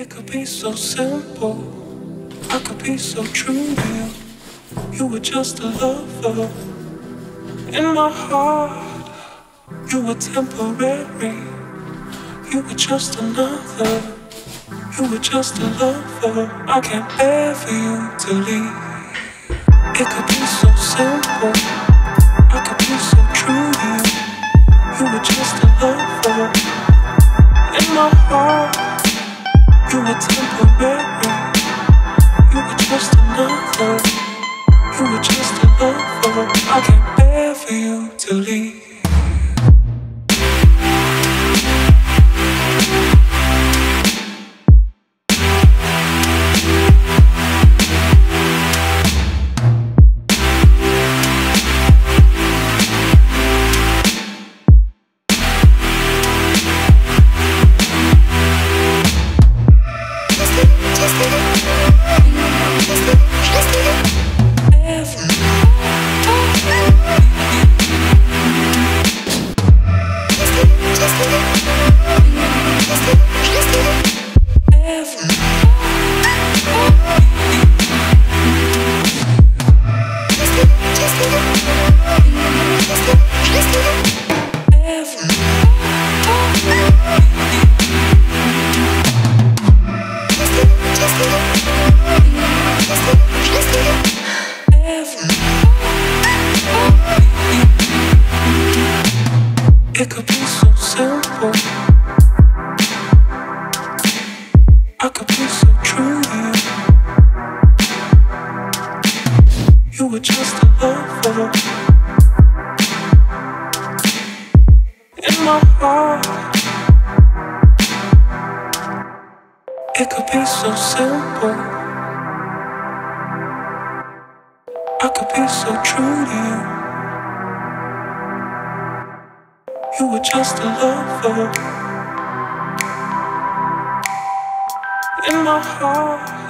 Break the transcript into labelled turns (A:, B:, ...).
A: It could be so simple. I could be so true to You were just a lover. In my heart, you were temporary. You were just another. You were just a lover. I can't bear for you to leave. It could be so simple. I could be so true you. You were just a lover. In my heart. You were temporary. You were just another. You were just another. I can't bear for you to leave.
B: you.
C: It could be so simple. I could be so true to you.
A: You were just a lover.
D: In my heart. It could be so simple. I could be so true to you. you were just a lover.
A: In my heart.